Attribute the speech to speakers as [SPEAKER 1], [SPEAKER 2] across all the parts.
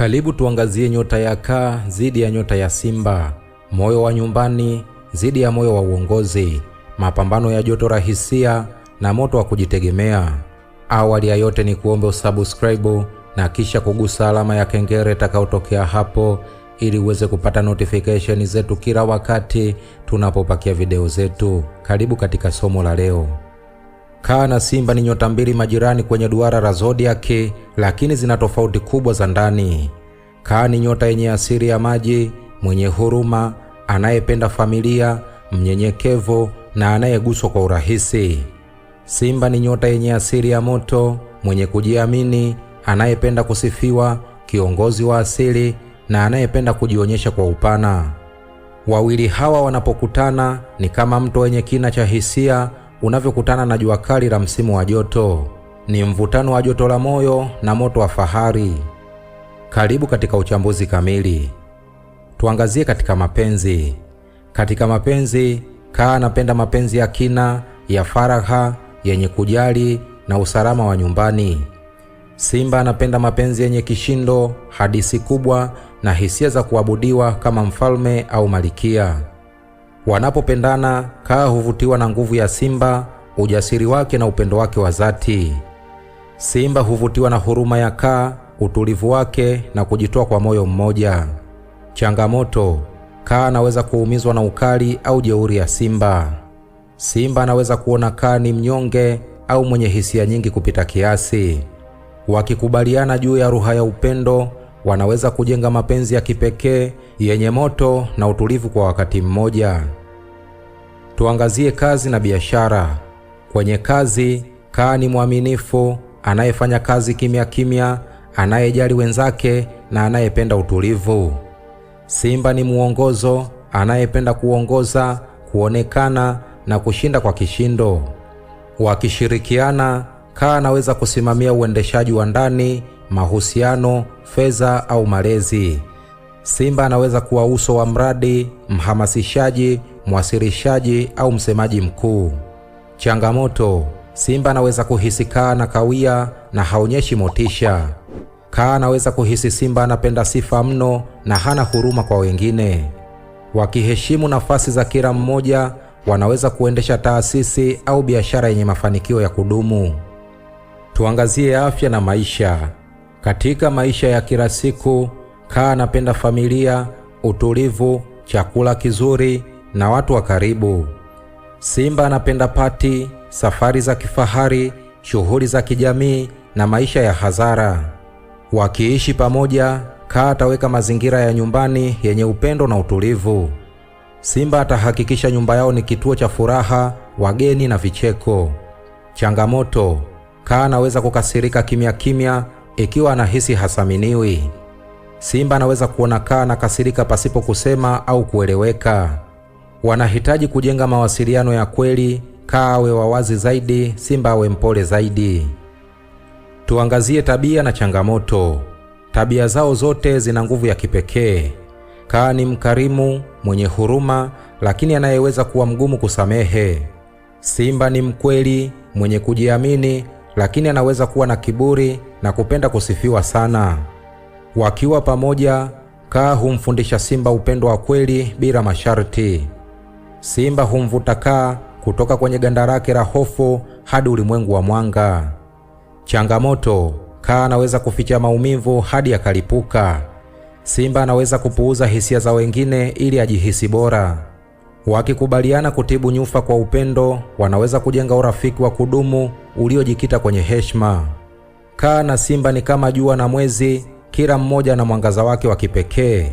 [SPEAKER 1] Karibu tuangazie nyota ya Kaa zidi ya nyota ya Simba, moyo wa nyumbani zidi ya moyo wa uongozi, mapambano ya joto la hisia na moto wa kujitegemea. Awali ya yote ni kuombe usubscribe na kisha kugusa alama ya kengele itakayotokea hapo ili uweze kupata notification zetu kila wakati tunapopakia video zetu. Karibu katika somo la leo. Kaa na Simba ni nyota mbili majirani kwenye duara la zodiac, lakini zina tofauti kubwa za ndani. Kaa ni nyota yenye asili ya maji, mwenye huruma, anayependa familia, mnyenyekevu na anayeguswa kwa urahisi. Simba ni nyota yenye asili ya moto, mwenye kujiamini, anayependa kusifiwa, kiongozi wa asili na anayependa kujionyesha kwa upana. Wawili hawa wanapokutana ni kama mto wenye kina cha hisia unavyokutana na jua kali la msimu wa joto. Ni mvutano wa joto la moyo na moto wa fahari. Karibu katika uchambuzi kamili. Tuangazie katika mapenzi. Katika mapenzi, Kaa anapenda mapenzi ya kina, ya faraha, yenye kujali na usalama wa nyumbani. Simba anapenda mapenzi yenye kishindo, hadisi kubwa na hisia za kuabudiwa kama mfalme au malikia. Wanapopendana, Kaa huvutiwa na nguvu ya Simba, ujasiri wake na upendo wake wa dhati. Simba huvutiwa na huruma ya Kaa, utulivu wake na kujitoa kwa moyo mmoja. Changamoto: Kaa anaweza kuumizwa na ukali au jeuri ya Simba. Simba anaweza kuona Kaa ni mnyonge au mwenye hisia nyingi kupita kiasi. Wakikubaliana juu ya ruha ya upendo, wanaweza kujenga mapenzi ya kipekee yenye moto na utulivu kwa wakati mmoja. Tuangazie kazi na biashara. Kwenye kazi, Kaa ni mwaminifu, anayefanya kazi kimya kimya, anayejali wenzake na anayependa utulivu. Simba ni mwongozo, anayependa kuongoza, kuonekana na kushinda kwa kishindo. Wakishirikiana, Kaa anaweza kusimamia uendeshaji wa ndani mahusiano, fedha au malezi. Simba anaweza kuwa uso wa mradi, mhamasishaji, mwasilishaji au msemaji mkuu. Changamoto: Simba anaweza kuhisi kaa na kawia na haonyeshi motisha. Kaa anaweza kuhisi simba anapenda sifa mno na hana huruma kwa wengine. Wakiheshimu nafasi za kila mmoja, wanaweza kuendesha taasisi au biashara yenye mafanikio ya kudumu. Tuangazie afya na maisha. Katika maisha ya kila siku, kaa napenda familia, utulivu, chakula kizuri na watu wa karibu. Simba anapenda pati, safari za kifahari, shughuli za kijamii na maisha ya hazara Wakiishi pamoja, kaa ataweka mazingira ya nyumbani yenye upendo na utulivu. Simba atahakikisha nyumba yao ni kituo cha furaha, wageni na vicheko. Changamoto: kaa anaweza kukasirika kimya kimya ikiwa anahisi hasaminiwi Simba anaweza kuona kaa na kasirika pasipo kusema au kueleweka. Wanahitaji kujenga mawasiliano ya kweli. Kaa awe wawazi zaidi, Simba awe mpole zaidi. Tuangazie tabia na changamoto. Tabia zao zote zina nguvu ya kipekee. Kaa ni mkarimu, mwenye huruma, lakini anayeweza kuwa mgumu kusamehe. Simba ni mkweli, mwenye kujiamini, lakini anaweza kuwa na kiburi na kupenda kusifiwa sana. Wakiwa pamoja, Kaa humfundisha Simba upendo wa kweli bila masharti. Simba humvuta Kaa kutoka kwenye ganda lake la hofu hadi ulimwengu wa mwanga. Changamoto: Kaa anaweza kuficha maumivu hadi yakalipuka. Simba anaweza kupuuza hisia za wengine ili ajihisi bora. Wakikubaliana kutibu nyufa kwa upendo, wanaweza kujenga urafiki wa kudumu uliojikita kwenye heshima. Kaa na simba ni kama jua na mwezi, kila mmoja na mwangaza wake wa kipekee.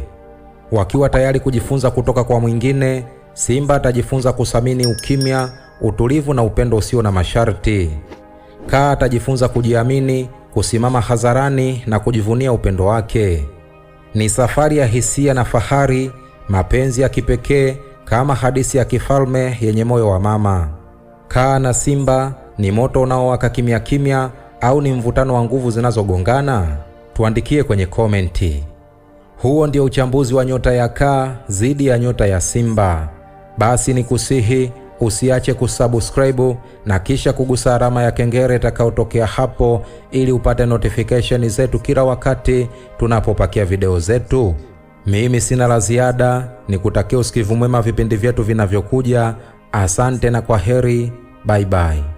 [SPEAKER 1] Wakiwa tayari kujifunza kutoka kwa mwingine, simba atajifunza kuthamini ukimya, utulivu na upendo usio na masharti. Kaa atajifunza kujiamini, kusimama hadharani na kujivunia upendo wake. Ni safari ya hisia na fahari, mapenzi ya kipekee kama hadithi ya kifalme yenye moyo wa mama. Kaa na simba ni moto unaowaka kimya kimya au ni mvutano wa nguvu zinazogongana? Tuandikie kwenye komenti. Huo ndio uchambuzi wa nyota ya Kaa dhidi ya nyota ya Simba. Basi ni kusihi usiache kusubscribe na kisha kugusa alama ya kengele itakayotokea hapo, ili upate notification zetu kila wakati tunapopakia video zetu. Mimi sina la ziada, nikutakia usikivu mwema vipindi vyetu vinavyokuja. Asante na kwa heri, bye bye.